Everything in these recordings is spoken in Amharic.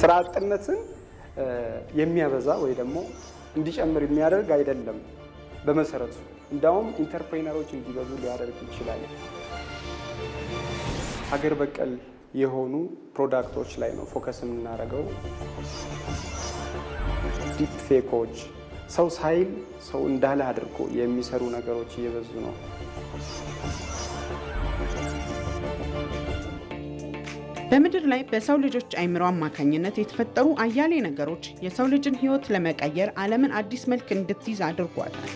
ስራ አጥነትን የሚያበዛ ወይ ደግሞ እንዲጨምር የሚያደርግ አይደለም። በመሰረቱ እንዳውም ኢንተርፕሬነሮች እንዲበዙ ሊያደርግ ይችላል። ሀገር በቀል የሆኑ ፕሮዳክቶች ላይ ነው ፎከስ የምናደርገው። ዲፕ ፌኮች ሰው ሳይል ሰው እንዳለ አድርጎ የሚሰሩ ነገሮች እየበዙ ነው። በምድር ላይ በሰው ልጆች አይምሮ አማካኝነት የተፈጠሩ አያሌ ነገሮች የሰው ልጅን ህይወት ለመቀየር ዓለምን አዲስ መልክ እንድትይዝ አድርጓታል።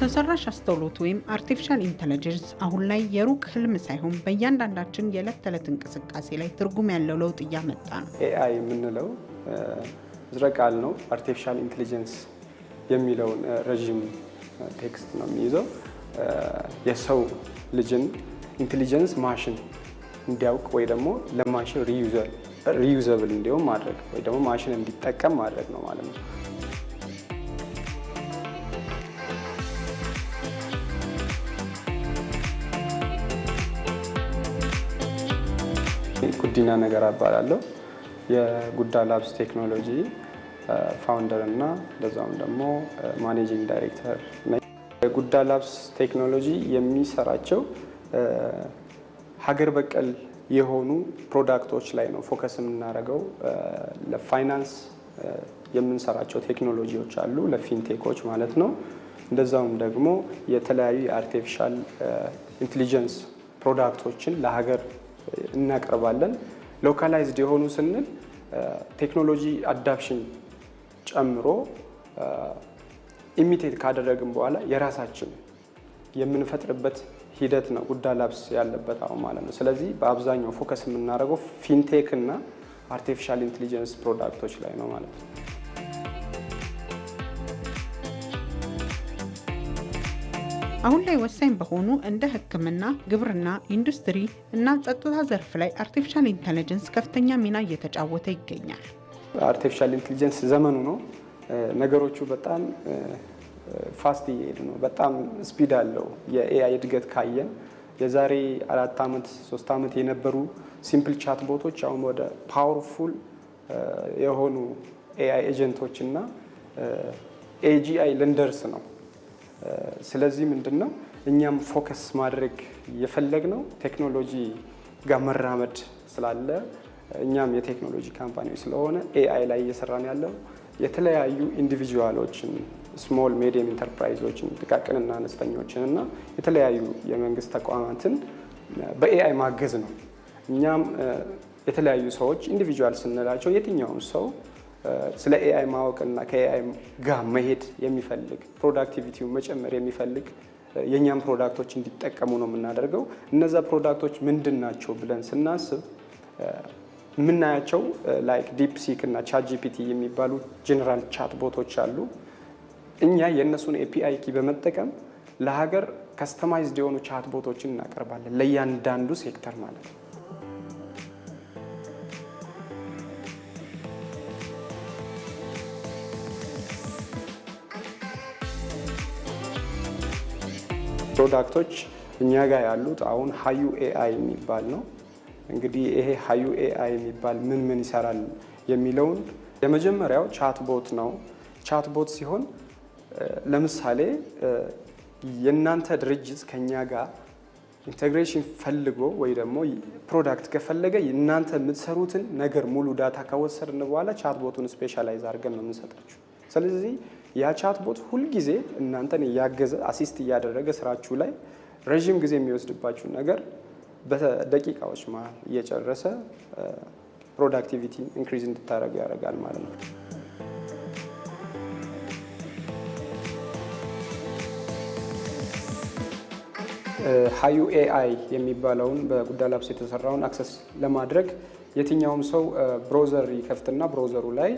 ሰው ሰራሽ አስተውሎት ወይም አርቲፊሻል ኢንተለጀንስ አሁን ላይ የሩቅ ህልም ሳይሆን በእያንዳንዳችን የዕለት ተዕለት እንቅስቃሴ ላይ ትርጉም ያለው ለውጥ እያመጣ ነው። ኤአይ የምንለው ዝረ ቃል ነው። አርቲፊሻል ኢንቴሊጀንስ የሚለውን ረዥም ቴክስት ነው የሚይዘው የሰው ልጅን ኢንቴሊጀንስ ማሽን እንዲያውቅ ወይ ደግሞ ለማሽን ሪዩዘብል እንዲሆን ማድረግ ወይ ደግሞ ማሽን እንዲጠቀም ማድረግ ነው ማለት ነው። ጉዲና ነገር አባላለሁ የጉዳ ላብስ ቴክኖሎጂ ፋውንደር እና እንደዛውም ደግሞ ማኔጂንግ ዳይሬክተር ነኝ። የጉዳ ላብስ ቴክኖሎጂ የሚሰራቸው ሀገር በቀል የሆኑ ፕሮዳክቶች ላይ ነው ፎከስ የምናደርገው። ለፋይናንስ የምንሰራቸው ቴክኖሎጂዎች አሉ፣ ለፊንቴኮች ማለት ነው። እንደዛውም ደግሞ የተለያዩ የአርቲፊሻል ኢንቴሊጀንስ ፕሮዳክቶችን ለሀገር እናቀርባለን። ሎካላይዝድ የሆኑ ስንል ቴክኖሎጂ አዳፕሽን ጨምሮ ኢሚቴት ካደረግን በኋላ የራሳችን የምንፈጥርበት ሂደት ነው ጉዳ ላብስ ያለበት አሁን ማለት ነው። ስለዚህ በአብዛኛው ፎከስ የምናደርገው ፊንቴክ እና አርቲፊሻል ኢንቴሊጀንስ ፕሮዳክቶች ላይ ነው ማለት ነው። አሁን ላይ ወሳኝ በሆኑ እንደ ሕክምና፣ ግብርና፣ ኢንዱስትሪ እና ጸጥታ ዘርፍ ላይ አርቲፊሻል ኢንቴሊጀንስ ከፍተኛ ሚና እየተጫወተ ይገኛል። አርቲፊሻል ኢንቴሊጀንስ ዘመኑ ነው። ነገሮቹ በጣም ፋስት እየሄድ ነው። በጣም ስፒድ አለው የኤአይ እድገት ካየን የዛሬ አራት ዓመት ሶስት ዓመት የነበሩ ሲምፕል ቻት ቦቶች አሁን ወደ ፓወርፉል የሆኑ ኤአይ ኤጀንቶች እና ኤጂአይ ልንደርስ ነው። ስለዚህ ምንድን ነው እኛም ፎከስ ማድረግ የፈለግ ነው ቴክኖሎጂ ጋር መራመድ ስላለ እኛም የቴክኖሎጂ ካምፓኒዎች ስለሆነ ኤአይ ላይ እየሰራን ያለው የተለያዩ ኢንዲቪጁዋሎችን ስሞል ሜዲየም ኢንተርፕራይዞችን ጥቃቅንና አነስተኞችን እና የተለያዩ የመንግስት ተቋማትን በኤአይ ማገዝ ነው። እኛም የተለያዩ ሰዎች ኢንዲቪጁዋል ስንላቸው የትኛውም ሰው ስለ ኤአይ ማወቅና ከኤአይ ጋር መሄድ የሚፈልግ ፕሮዳክቲቪቲውን መጨመር የሚፈልግ የእኛም ፕሮዳክቶች እንዲጠቀሙ ነው የምናደርገው። እነዛ ፕሮዳክቶች ምንድን ናቸው ብለን ስናስብ የምናያቸው ላይክ ዲፕሲክ እና ቻት ጂፒቲ የሚባሉ ጀኔራል ቻት ቦቶች አሉ። እኛ የእነሱን ኤፒአይ ኪ በመጠቀም ለሀገር ከስተማይዝድ የሆኑ ቻት ቦቶችን እናቀርባለን ለእያንዳንዱ ሴክተር ማለት ነው። ፕሮዳክቶች እኛ ጋር ያሉት አሁን ሀዩ ኤአይ የሚባል ነው። እንግዲህ ይሄ ሀዩ ኤአይ የሚባል ምን ምን ይሰራል የሚለውን የመጀመሪያው ቻትቦት ነው። ቻትቦት ሲሆን ለምሳሌ የእናንተ ድርጅት ከኛ ጋር ኢንቴግሬሽን ፈልጎ ወይ ደግሞ ፕሮዳክት ከፈለገ እናንተ የምትሰሩትን ነገር ሙሉ ዳታ ከወሰድን በኋላ ቻትቦቱን ስፔሻላይዝ አድርገን ነው የምንሰጣችሁ። ስለዚህ ያ ቻትቦት ሁልጊዜ እናንተን እያገዘ አሲስት እያደረገ ስራችሁ ላይ ረዥም ጊዜ የሚወስድባችሁን ነገር በደቂቃዎች መሀል እየጨረሰ ፕሮዳክቲቪቲ ኢንክሪዝ እንድታደረጉ ያደርጋል ማለት ነው። ሀዩ ኤአይ የሚባለውን በጉዳይ ላብስ የተሰራውን አክሰስ ለማድረግ የትኛውም ሰው ብሮዘር ይከፍትና ብሮዘሩ ላይ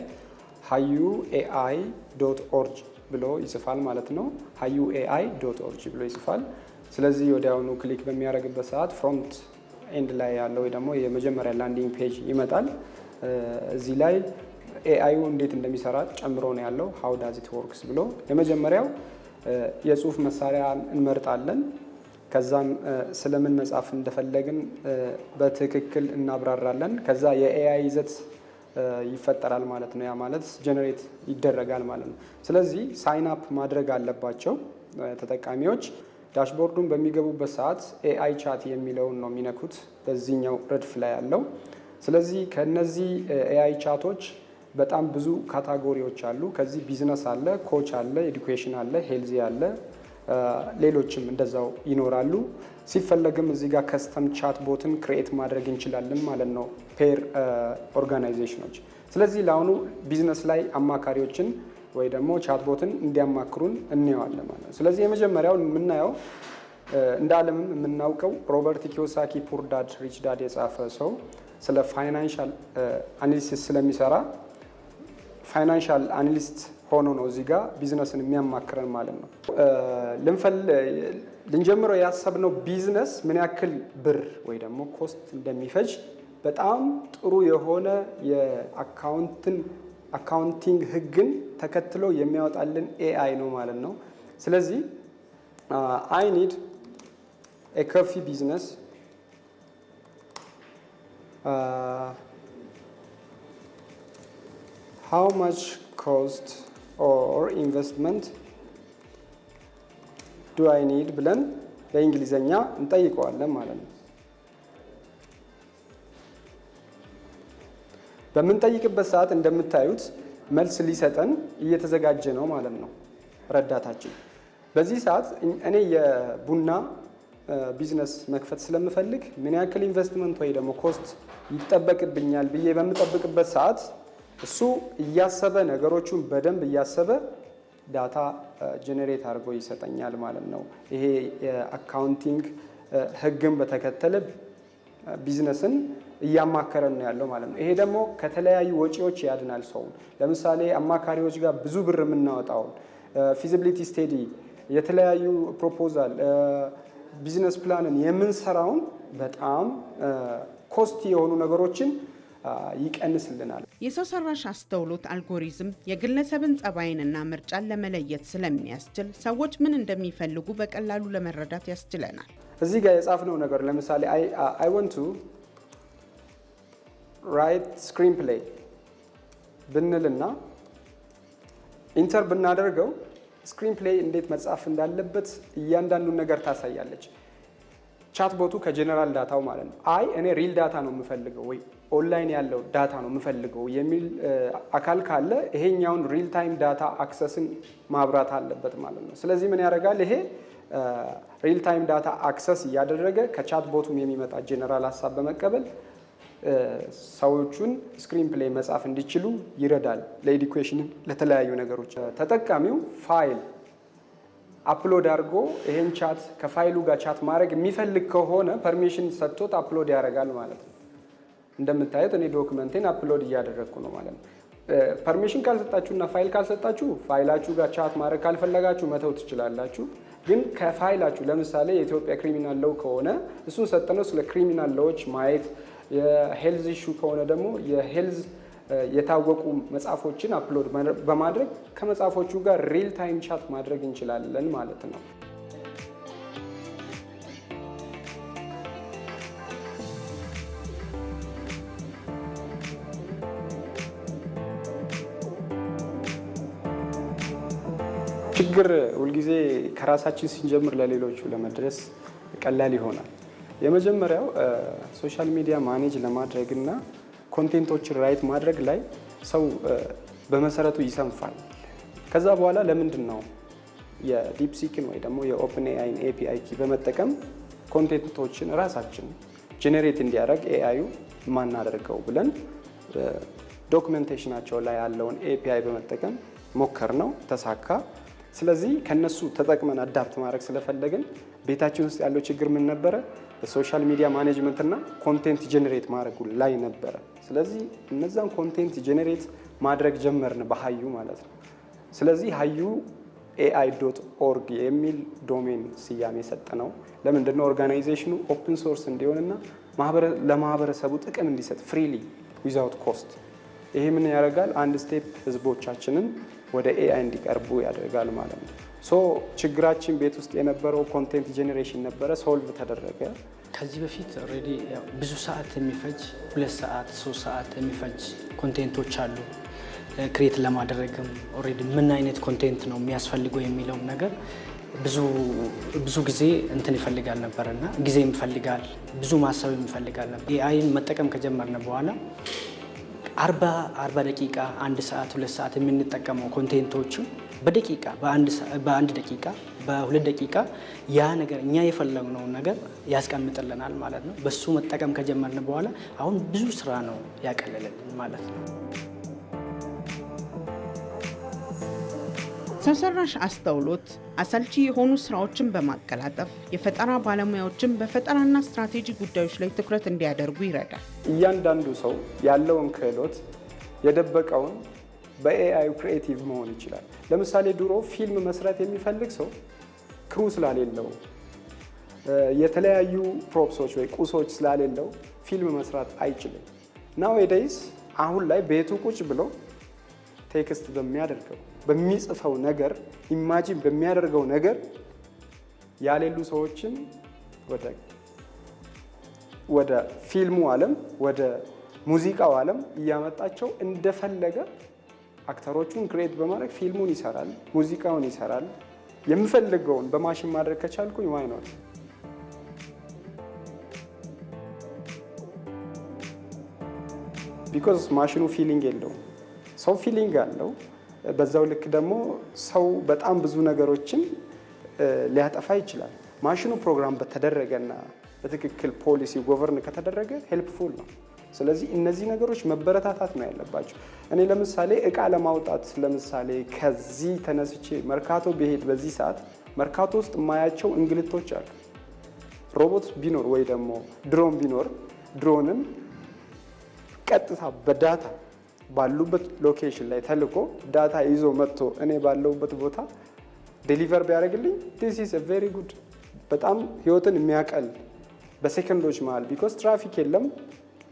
ሀዩ ኤአይ ዶት ኦርጅ ብሎ ይጽፋል ማለት ነው። ሀዩ ኤአይ ዶት ኦርጅ ብሎ ይጽፋል። ስለዚህ ወዲያውኑ ክሊክ በሚያደርግበት ሰዓት ፍሮንት ኤንድ ላይ ያለው ወይ ደግሞ የመጀመሪያ ላንዲንግ ፔጅ ይመጣል። እዚህ ላይ ኤአይ እንዴት እንደሚሰራ ጨምሮ ነው ያለው። ሀው ዳዝ ኢት ወርክስ ብሎ የመጀመሪያው የጽሁፍ መሳሪያ እንመርጣለን። ከዛም ስለምን መጻፍ እንደፈለግን በትክክል እናብራራለን። ከዛ የኤአይ ይዘት ይፈጠራል ማለት ነው። ያ ማለት ጀነሬት ይደረጋል ማለት ነው። ስለዚህ ሳይን አፕ ማድረግ አለባቸው ተጠቃሚዎች። ዳሽቦርዱን በሚገቡበት ሰዓት ኤአይ ቻት የሚለውን ነው የሚነኩት፣ በዚህኛው ረድፍ ላይ ያለው። ስለዚህ ከነዚህ ኤአይ ቻቶች በጣም ብዙ ካታጎሪዎች አሉ። ከዚህ ቢዝነስ አለ፣ ኮች አለ፣ ኤዱኬሽን አለ፣ ሄልዚ አለ ሌሎችም እንደዛው ይኖራሉ። ሲፈለግም እዚህ ጋር ከስተም ቻት ቦትን ክሬኤት ማድረግ እንችላለን ማለት ነው ፔር ኦርጋናይዜሽኖች። ስለዚህ ለአሁኑ ቢዝነስ ላይ አማካሪዎችን ወይ ደግሞ ቻት ቦትን እንዲያማክሩን እንየዋለን ማለት ነው። ስለዚህ የመጀመሪያው የምናየው እንደ ዓለምም የምናውቀው ሮበርት ኪዮሳኪ ፑር ዳድ ሪች ዳድ የጻፈ ሰው ስለ ፋይናንሻል አናሊሲስ ስለሚሰራ ፋይናንሻል አናሊስት ሆኖ ነው እዚህ ጋር ቢዝነስን የሚያማክረን ማለት ነው። ልንጀምረው ያሰብነው ቢዝነስ ምን ያክል ብር ወይ ደግሞ ኮስት እንደሚፈጅ በጣም ጥሩ የሆነ የአካውንትን አካውንቲንግ ህግን ተከትሎ የሚያወጣልን ኤአይ ነው ማለት ነው። ስለዚህ አይ ኒድ ኤ ኮፊ ቢዝነስ ሃው ማች ኮስት ኦር ኢንቨስትመንት ዱ አይ ኒድ ብለን በእንግሊዘኛ እንጠይቀዋለን ማለት ነው። በምንጠይቅበት ሰዓት እንደምታዩት መልስ ሊሰጠን እየተዘጋጀ ነው ማለት ነው ረዳታችን። በዚህ ሰዓት እኔ የቡና ቢዝነስ መክፈት ስለምፈልግ ምን ያክል ኢንቨስትመንት ወይ ደግሞ ኮስት ይጠበቅብኛል ብዬ በምጠብቅበት ሰዓት እሱ እያሰበ ነገሮቹን በደንብ እያሰበ ዳታ ጀኔሬት አድርጎ ይሰጠኛል ማለት ነው። ይሄ የአካውንቲንግ ህግን በተከተለ ቢዝነስን እያማከረን ነው ያለው ማለት ነው። ይሄ ደግሞ ከተለያዩ ወጪዎች ያድናል ሰውን። ለምሳሌ አማካሪዎች ጋር ብዙ ብር የምናወጣውን ፊዚቢሊቲ ስቴዲ፣ የተለያዩ ፕሮፖዛል፣ ቢዝነስ ፕላንን የምንሰራውን በጣም ኮስቲ የሆኑ ነገሮችን ይቀንስልናል። የሰው ሰራሽ አስተውሎት አልጎሪዝም የግለሰብን ጸባይንና ምርጫን ለመለየት ስለሚያስችል ሰዎች ምን እንደሚፈልጉ በቀላሉ ለመረዳት ያስችለናል። እዚህ ጋር የጻፍነው ነገር ለምሳሌ አይ ወንት ራይት ስክሪን ፕሌይ ብንልና ኢንተር ብናደርገው ስክሪን ፕሌይ እንዴት መጻፍ እንዳለበት እያንዳንዱን ነገር ታሳያለች። ቻትቦቱ ከጀነራል ዳታው ማለት ነው። አይ እኔ ሪል ዳታ ነው የምፈልገው ወይ ኦንላይን ያለው ዳታ ነው የምፈልገው የሚል አካል ካለ ይሄኛውን ሪል ታይም ዳታ አክሰስን ማብራት አለበት ማለት ነው። ስለዚህ ምን ያደርጋል ይሄ ሪል ታይም ዳታ አክሰስ እያደረገ ከቻት ቦቱም የሚመጣ ጄኔራል ሀሳብ በመቀበል ሰዎቹን ስክሪን ፕሌይ መጻፍ እንዲችሉ ይረዳል። ለኢዱኬሽን ለተለያዩ ነገሮች ተጠቃሚው ፋይል አፕሎድ አድርጎ ይሄን ቻት ከፋይሉ ጋር ቻት ማድረግ የሚፈልግ ከሆነ ፐርሚሽን ሰጥቶት አፕሎድ ያደርጋል ማለት ነው። እንደምታዩት እኔ ዶክመንቴን አፕሎድ እያደረግኩ ነው ማለት ነው። ፐርሚሽን ካልሰጣችሁና ፋይል ካልሰጣችሁ ፋይላችሁ ጋር ቻት ማድረግ ካልፈለጋችሁ መተው ትችላላችሁ። ግን ከፋይላችሁ ለምሳሌ የኢትዮጵያ ክሪሚናል ለው ከሆነ እሱን ሰጠነው ስለ ክሪሚናል ለዎች ማየት፣ የሄልዝ ኢሹ ከሆነ ደግሞ የሄልዝ የታወቁ መጽሐፎችን አፕሎድ በማድረግ ከመጽሐፎቹ ጋር ሪል ታይም ቻት ማድረግ እንችላለን ማለት ነው። ችግር ሁልጊዜ ከራሳችን ስንጀምር ለሌሎቹ ለመድረስ ቀላል ይሆናል። የመጀመሪያው ሶሻል ሚዲያ ማኔጅ ለማድረግ እና ኮንቴንቶችን ራይት ማድረግ ላይ ሰው በመሰረቱ ይሰንፋል። ከዛ በኋላ ለምንድን ነው የዲፕሲክን ወይ ደግሞ የኦፕን ኤአይን ኤፒአይ ኪ በመጠቀም ኮንቴንቶችን ራሳችን ጄኔሬት እንዲያደርግ ኤአዩ ማናደርገው ብለን ዶክመንቴሽናቸው ላይ ያለውን ኤፒአይ በመጠቀም ሞከር ነው፣ ተሳካ። ስለዚህ ከነሱ ተጠቅመን አዳፕት ማድረግ ስለፈለግን ቤታችን ውስጥ ያለው ችግር ምን ነበረ? ሶሻል ሚዲያ ማኔጅመንት እና ኮንቴንት ጀኔሬት ማድረጉ ላይ ነበረ። ስለዚህ እነዛን ኮንቴንት ጄኔሬት ማድረግ ጀመርን በሀዩ ማለት ነው። ስለዚህ ሀዩ ኤአይ ዶት ኦርግ የሚል ዶሜን ስያሜ የሰጠነው ነው። ለምንድነው ኦርጋናይዜሽኑ ኦፕን ሶርስ እንዲሆንና ለማህበረሰቡ ጥቅም እንዲሰጥ ፍሪሊ ዊዛውት ኮስት። ይሄ ምን ያደርጋል? አንድ ስቴፕ ህዝቦቻችንን ወደ ኤአይ እንዲቀርቡ ያደርጋል ማለት ነው። ሶ ችግራችን ቤት ውስጥ የነበረው ኮንቴንት ጄኔሬሽን ነበረ፣ ሶልቭ ተደረገ። ከዚህ በፊት ኦልሬዲ ብዙ ሰዓት የሚፈጅ ሁለት ሰዓት ሶስት ሰዓት የሚፈጅ ኮንቴንቶች አሉ። ክሬት ለማድረግም ኦልሬዲ ምን አይነት ኮንቴንት ነው የሚያስፈልገው የሚለውም ነገር ብዙ ጊዜ እንትን ይፈልጋል ነበር እና ጊዜም ይፈልጋል ብዙ ማሰብም ይፈልጋል ነበር። ኤአይን መጠቀም ከጀመርን በኋላ አርባ ደቂቃ አንድ ሰዓት ሁለት ሰዓት የምንጠቀመው ኮንቴንቶቹ በደቂቃ በአንድ ደቂቃ በሁለት ደቂቃ ያ ነገር እኛ የፈለግነውን ነገር ያስቀምጥልናል ማለት ነው። በሱ መጠቀም ከጀመርን በኋላ አሁን ብዙ ስራ ነው ያቀለለልን ማለት ነው። ሰው ሰራሽ አስተውሎት አሰልቺ የሆኑ ስራዎችን በማቀላጠፍ የፈጠራ ባለሙያዎችን በፈጠራና ስትራቴጂ ጉዳዮች ላይ ትኩረት እንዲያደርጉ ይረዳል። እያንዳንዱ ሰው ያለውን ክህሎት የደበቀውን በኤአይ ክሪኤቲቭ መሆን ይችላል። ለምሳሌ ድሮ ፊልም መስራት የሚፈልግ ሰው ክሩ ስላሌለው የተለያዩ ፕሮፕሶች ወይ ቁሶች ስላሌለው ፊልም መስራት አይችልም። ናው አሁን ላይ ቤቱ ቁጭ ብሎ ቴክስት በሚያደርገው በሚጽፈው ነገር ኢማጂን በሚያደርገው ነገር ያሌሉ ሰዎችን ወደ ፊልሙ ዓለም ወደ ሙዚቃው ዓለም እያመጣቸው እንደፈለገ አክተሮቹን ክሬት በማድረግ ፊልሙን ይሰራል፣ ሙዚቃውን ይሰራል። የምፈልገውን በማሽን ማድረግ ከቻልኩኝ ዋይ ነው። ቢኮዝ ማሽኑ ፊሊንግ የለውም፣ ሰው ፊሊንግ አለው። በዛው ልክ ደግሞ ሰው በጣም ብዙ ነገሮችን ሊያጠፋ ይችላል። ማሽኑ ፕሮግራም በተደረገና በትክክል ፖሊሲ ጎቨርን ከተደረገ ሄልፕፉል ነው። ስለዚህ እነዚህ ነገሮች መበረታታት ነው ያለባቸው። እኔ ለምሳሌ እቃ ለማውጣት ለምሳሌ ከዚህ ተነስቼ መርካቶ ብሄድ በዚህ ሰዓት መርካቶ ውስጥ የማያቸው እንግልቶች አሉ። ሮቦት ቢኖር ወይ ደግሞ ድሮን ቢኖር ድሮንም ቀጥታ በዳታ ባሉበት ሎኬሽን ላይ ተልኮ ዳታ ይዞ መጥቶ እኔ ባለውበት ቦታ ዴሊቨር ቢያደርግልኝ ዲስ ኢዝ ጉድ። በጣም ህይወትን የሚያቀል በሴከንዶች መሀል ቢኮስ ትራፊክ የለም።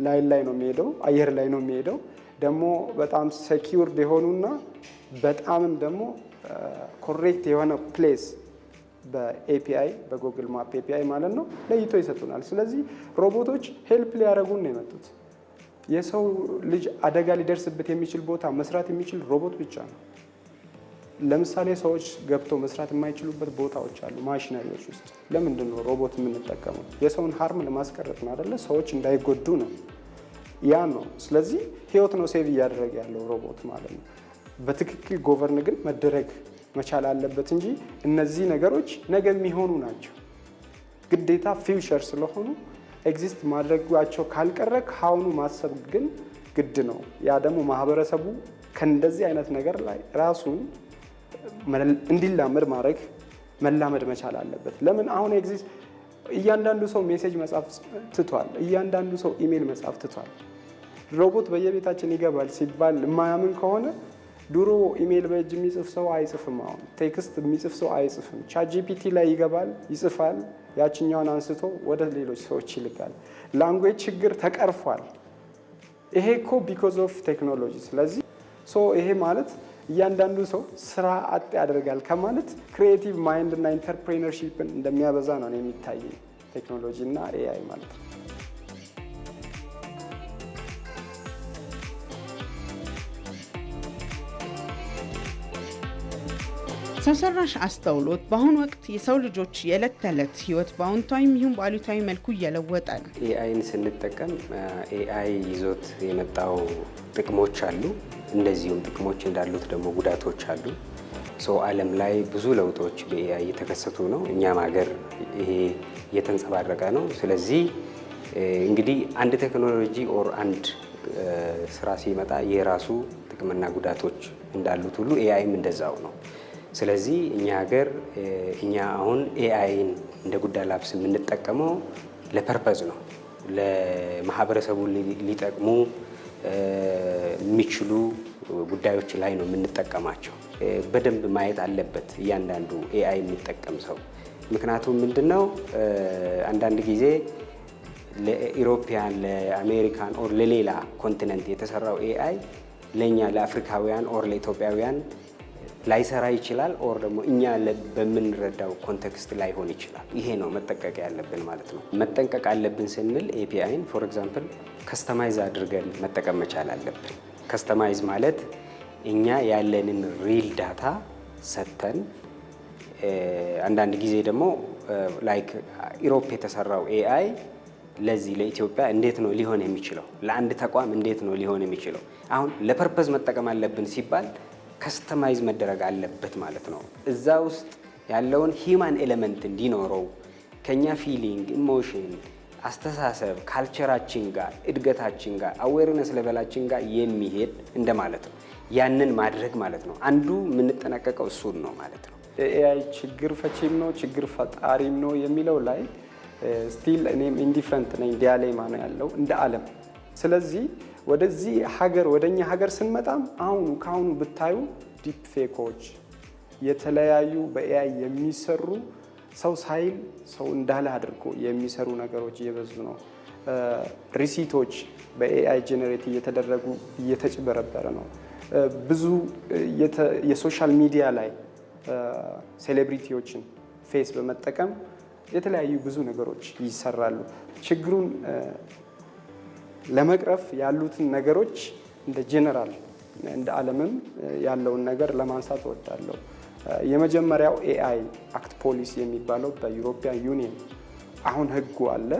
ላይን ላይ ነው የሚሄደው፣ አየር ላይ ነው የሚሄደው። ደግሞ በጣም ሴኪውርድ የሆኑና በጣምም ደግሞ ኮሬክት የሆነ ፕሌስ በኤፒአይ በጉግል ማፕ ኤፒአይ ማለት ነው ለይቶ ይሰጡናል። ስለዚህ ሮቦቶች ሄልፕ ሊያደረጉን ነው የመጡት። የሰው ልጅ አደጋ ሊደርስበት የሚችል ቦታ መስራት የሚችል ሮቦት ብቻ ነው። ለምሳሌ ሰዎች ገብተው መስራት የማይችሉበት ቦታዎች አሉ፣ ማሽነሪዎች ውስጥ ለምንድን ነው ሮቦት የምንጠቀመው? የሰውን ሀርም ለማስቀረት ነው አደለ? ሰዎች እንዳይጎዱ ነው። ያ ነው። ስለዚህ ህይወት ነው ሴቭ እያደረገ ያለው ሮቦት ማለት ነው። በትክክል ጎቨርን ግን መደረግ መቻል አለበት እንጂ እነዚህ ነገሮች ነገ የሚሆኑ ናቸው፣ ግዴታ ፊውቸር ስለሆኑ ኤግዚስት ማድረጓቸው ካልቀረ ከአሁኑ ማሰብ ግን ግድ ነው። ያ ደግሞ ማህበረሰቡ ከእንደዚህ አይነት ነገር ላይ ራሱን እንዲላመድ ማድረግ መላመድ መቻል አለበት። ለምን አሁን ኤግዚስት እያንዳንዱ ሰው ሜሴጅ መጻፍ ትቷል። እያንዳንዱ ሰው ኢሜይል መጻፍ ትቷል። ሮቦት በየቤታችን ይገባል ሲባል የማያምን ከሆነ ድሮ ኢሜይል በእጅ የሚጽፍ ሰው አይጽፍም። አሁን ቴክስት የሚጽፍ ሰው አይጽፍም። ቻጂፒቲ ላይ ይገባል፣ ይጽፋል። ያችኛውን አንስቶ ወደ ሌሎች ሰዎች ይልካል። ላንጉዌጅ ችግር ተቀርፏል። ይሄ እኮ ቢኮዝ ኦፍ ቴክኖሎጂ። ስለዚህ ሶ ይሄ ማለት እያንዳንዱ ሰው ስራ አጥ ያደርጋል ከማለት ክሪኤቲቭ ማይንድ እና ኢንተርፕሬነርሺፕን እንደሚያበዛ ነው የሚታይ ቴክኖሎጂ እና ኤአይ ማለት ነው። ሰው ሰራሽ አስተውሎት በአሁኑ ወቅት የሰው ልጆች የዕለት ተዕለት ህይወት በአዎንታዊም ይሁን በአሉታዊ መልኩ እየለወጠ ነው። ኤአይን ስንጠቀም ኤአይ ይዞት የመጣው ጥቅሞች አሉ። እንደዚሁም ጥቅሞች እንዳሉት ደግሞ ጉዳቶች አሉ። ሰው ዓለም ላይ ብዙ ለውጦች በኤአይ እየተከሰቱ ነው። እኛም ሀገር ይሄ እየተንጸባረቀ ነው። ስለዚህ እንግዲህ አንድ ቴክኖሎጂ ኦር አንድ ስራ ሲመጣ የራሱ ጥቅምና ጉዳቶች እንዳሉት ሁሉ ኤአይም እንደዛው ነው። ስለዚህ እኛ ሀገር እኛ አሁን ኤአይን እንደ ጉዳ ላብስ የምንጠቀመው ለፐርፐዝ ነው ለማህበረሰቡ ሊጠቅሙ የሚችሉ ጉዳዮች ላይ ነው የምንጠቀማቸው። በደንብ ማየት አለበት እያንዳንዱ ኤአይ የሚጠቀም ሰው። ምክንያቱም ምንድን ነው አንዳንድ ጊዜ ለኢሮፒያን ለአሜሪካን ኦር ለሌላ ኮንቲነንት የተሰራው ኤአይ ለእኛ ለአፍሪካውያን ኦር ለኢትዮጵያውያን ላይሰራ ይችላል። ኦር ደግሞ እኛ በምንረዳው ኮንቴክስት ላይሆን ይችላል። ይሄ ነው መጠንቀቅ ያለብን ማለት ነው። መጠንቀቅ አለብን ስንል ኤፒአይን ፎር ኤግዛምፕል ከስተማይዝ አድርገን መጠቀም መቻል አለብን። ከስተማይዝ ማለት እኛ ያለንን ሪል ዳታ ሰጥተን አንዳንድ ጊዜ ደግሞ ላይክ ኢሮፕ የተሰራው ኤአይ ለዚህ ለኢትዮጵያ እንዴት ነው ሊሆን የሚችለው? ለአንድ ተቋም እንዴት ነው ሊሆን የሚችለው? አሁን ለፐርፐዝ መጠቀም አለብን ሲባል ከስተማይዝ መደረግ አለበት ማለት ነው። እዛ ውስጥ ያለውን ሂማን ኤሌመንት እንዲኖረው ከኛ ፊሊንግ፣ ኢሞሽን፣ አስተሳሰብ ካልቸራችን ጋር እድገታችን ጋር አዌርነስ ሌቨላችን ጋር የሚሄድ እንደማለት ነው። ያንን ማድረግ ማለት ነው። አንዱ የምንጠነቀቀው እሱን ነው ማለት ነው። ኤአይ ችግር ፈቺም ነው ችግር ፈጣሪም ነው የሚለው ላይ ስቲል እኔም ኢንዲፍረንት ነኝ፣ ዲያሌማ ነው ያለው እንደ አለም ስለዚህ ወደዚህ ሀገር ወደኛ ሀገር ስንመጣም አሁኑ ከአሁኑ ብታዩ ዲፕ ፌኮች የተለያዩ በኤአይ የሚሰሩ ሰው ሳይል ሰው እንዳለ አድርጎ የሚሰሩ ነገሮች እየበዙ ነው። ሪሲቶች በኤአይ ጀነሬት እየተደረጉ እየተጭበረበረ ነው። ብዙ የሶሻል ሚዲያ ላይ ሴሌብሪቲዎችን ፌስ በመጠቀም የተለያዩ ብዙ ነገሮች ይሰራሉ። ችግሩን ለመቅረፍ ያሉትን ነገሮች እንደ ጄኔራል እንደ ዓለምም ያለውን ነገር ለማንሳት እወዳለሁ። የመጀመሪያው ኤአይ አክት ፖሊሲ የሚባለው በዩሮፒያን ዩኒየን አሁን ህጉ አለ።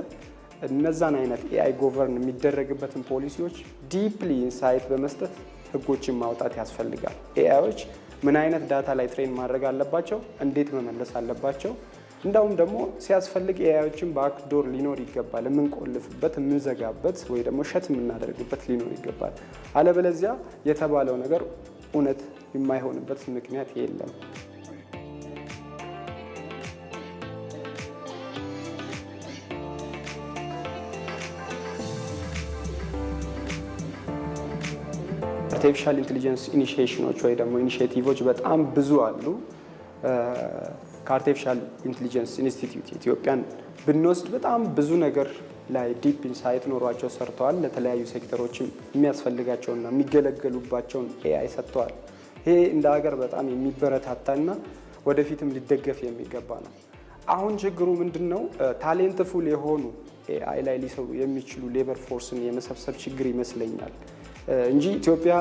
እነዛን አይነት ኤአይ ጎቨርን የሚደረግበትን ፖሊሲዎች ዲፕሊ ኢንሳይት በመስጠት ህጎችን ማውጣት ያስፈልጋል። ኤአዮች ምን አይነት ዳታ ላይ ትሬን ማድረግ አለባቸው? እንዴት መመለስ አለባቸው? እንዳውም ደግሞ ሲያስፈልግ ኤአዮችን በአክዶር ሊኖር ይገባል። የምንቆልፍበት፣ የምንዘጋበት ወይ ደግሞ ሸት የምናደርግበት ሊኖር ይገባል። አለበለዚያ የተባለው ነገር እውነት የማይሆንበት ምክንያት የለም። አርቲፊሻል ኢንቴሊጀንስ ኢኒሽሽኖች ወይ ደግሞ ኢኒሺዬቲቮች በጣም ብዙ አሉ። ከአርቲፊሻል ኢንቴሊጀንስ ኢንስቲትዩት ኢትዮጵያን ብንወስድ በጣም ብዙ ነገር ላይ ዲፕ ኢንሳይት ኖሯቸው ሰርተዋል። ለተለያዩ ሴክተሮችም የሚያስፈልጋቸውና የሚገለገሉባቸውን ኤአይ ሰጥተዋል። ይሄ እንደ ሀገር በጣም የሚበረታታና ወደፊትም ሊደገፍ የሚገባ ነው። አሁን ችግሩ ምንድን ነው? ታሌንት ፉል የሆኑ ኤአይ ላይ ሊሰሩ የሚችሉ ሌበር ፎርስን የመሰብሰብ ችግር ይመስለኛል እንጂ ኢትዮጵያ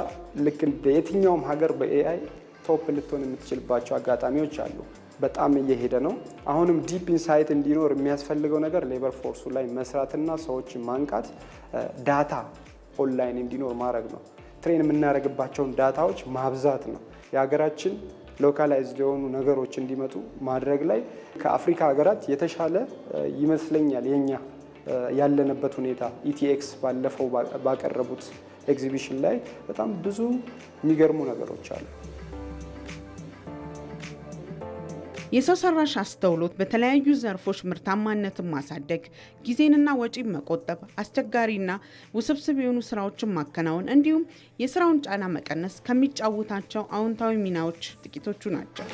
ልክ እንደ የትኛውም ሀገር በኤአይ ቶፕ ልትሆን የምትችልባቸው አጋጣሚዎች አሉ። በጣም እየሄደ ነው። አሁንም ዲፕ ኢንሳይት እንዲኖር የሚያስፈልገው ነገር ሌበር ፎርሱ ላይ መስራትና ሰዎችን ማንቃት፣ ዳታ ኦንላይን እንዲኖር ማድረግ ነው። ትሬን የምናደርግባቸውን ዳታዎች ማብዛት ነው። የሀገራችን ሎካላይዝድ የሆኑ ነገሮች እንዲመጡ ማድረግ ላይ ከአፍሪካ ሀገራት የተሻለ ይመስለኛል የኛ ያለንበት ሁኔታ። ኢቲኤክስ ባለፈው ባቀረቡት ኤግዚቢሽን ላይ በጣም ብዙ የሚገርሙ ነገሮች አሉ። የሰው ሰራሽ አስተውሎት በተለያዩ ዘርፎች ምርታማነትን ማሳደግ፣ ጊዜንና ወጪን መቆጠብ፣ አስቸጋሪና ውስብስብ የሆኑ ስራዎችን ማከናወን እንዲሁም የስራውን ጫና መቀነስ ከሚጫወታቸው አዎንታዊ ሚናዎች ጥቂቶቹ ናቸው።